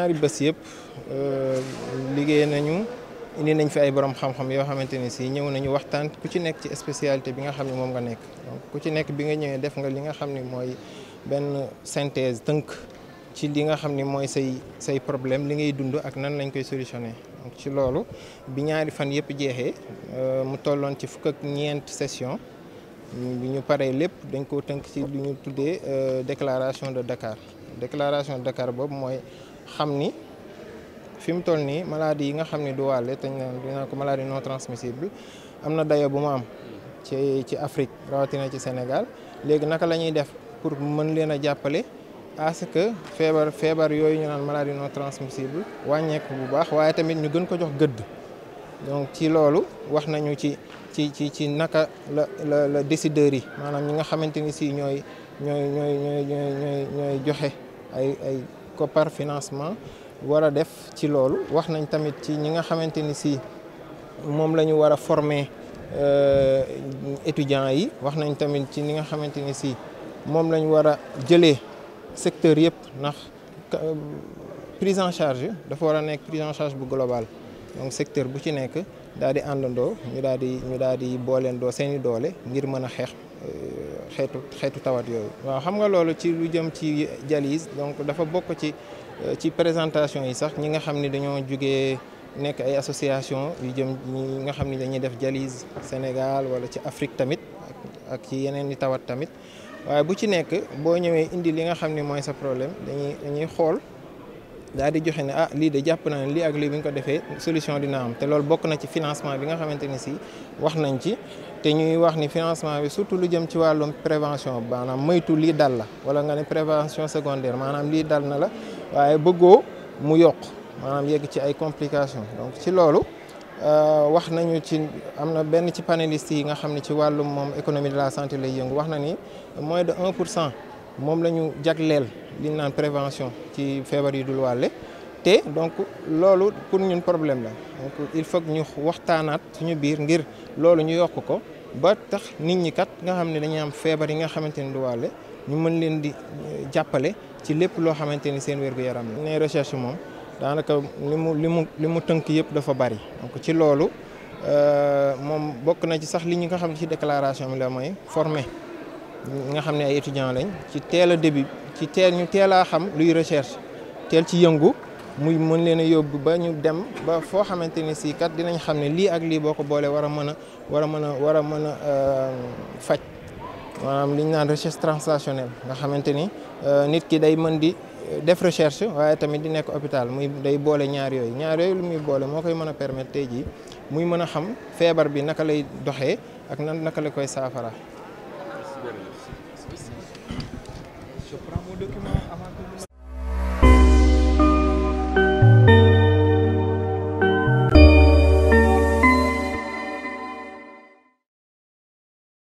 ñaari bés yëpp euh, liggéey nañu indi nañ fi ay borom xam-xam yoo xamante ni si ñëw nañu waxtaan ku ci nekk ci spécialité bi nga xam ne moom nga nekk donc ku ci nekk bi nga ñëwee def nga li nga xam ni mooy benn synthèse tënk ci li nga xam ni mooy say say problème li ngay dund ak nan lañ koy solutionné donc ci loolu bi ñaari fan yëpp jeexee euh, mu tolloon ci fukk ak ñeent session bi ñu paree lépp dañ ko tënk ci li ñu tuddee euh, déclaration de Dakar déclaration de Dakar boobu xamni fim fi mu maladie yi nga xamni do walé tan te dina ko maladie non transmissible amna daya bu mu am ci ci Afrique rawatina ci Sénégal légui naka la def pour mën leena jappalé parce que fièvre fièvre yoy ñu naan maladie non transmissible ko bu baax waye tamit ñu gën ko jox gëdd donc ci lolu wax nañu ci ci ci ci naka le le, la décideurs yi manam ñi nga xamanteni ci ñoy ñoy ñoy ñoy ñoy ñooy ñooy ay ay ko par financement wara def ci lolu wax nañ tamit ci ñi nga xamante ni si moom la ñu war a former euh, étudiants yi wax nañ tamit ci ni nga xamante ni si moom la ñu war secteur yépp ndax euh, prise en charge dafa wara a nekk prise en charge bu global donc secteur bu ci nekk daal di àndandoo ñu daal di ñu daal di booleendoo seeni doole ngir mëna xex xeex euh, xeetu tawat yooyu. waaw xam nga loolu ci lu jëm ci donc dafa bokk ci euh, ci présentation yi sax ñi nga ay association jëm Sénégal wala ci Afrique tamit ak ci yeneen i tawat tamit waaye bu ci nekk boo ñëwee indi li nga sa problème dañuy dañuy daal di joxe ne ah lii de jàpp naa ne lii ak lii bi nga ko defee solution dina am te loolu bokk na ci financement bi nga xamante ni si wax nañ ci te ñuy wax ni financement bi surtout lu jëm ci wàllum prévention maanaam moytu lii dal la wala nga ne prévention secondaire maanaam lii dal na la waaye bëggoo mu yokk maanaam yegg ci ay complications donc ci loolu euh, wax nañu ci am na benn ci panélistes yi nga xam ne ci wàllum moom économie de la santé lay yëngu wax na ni moins de 1 pour cent moom la ñu jagleel li ñu prévention ci feebar du dul wàlle donc lolu pour ñun problème la donc il faut que ñu waxtanat suñu bir ngir lolu ñu yokk ko ba tax nit ñi kat nga xam ne dañuy am feebar nga xamanteni du walé ñu mën leen di euh, jappalé ci lépp lo xamanteni seen wér yaram né recherche mom daanaka li limu limu mu li mu dafa bari donc ci lolu euh mom bokk na ci sax li ñi nga xam ci déclaration bi la moy formé nga xam ay étudiants lañ ci teel a début ci teel ñu teel a xam luy recherche teel ci yëngu muy mën leen a yóbbu ba ñu dem ba foo xamante ni si kat dinañ xam ne lii ak lii boo ko boolee war a mën a war a mën a war a mën a euh, faj maanaam li ñu naan recherche translationnelle nga xamante ni euh, nit ki day mën di def recherche waaye tamit di nekk hôpital muy day boole ñaar yooyu ñaar yooyu lu muy boole moo koy mën a permettre tey jii muy mën a xam feebar bi naka lay doxee ak nan naka la koy saafara.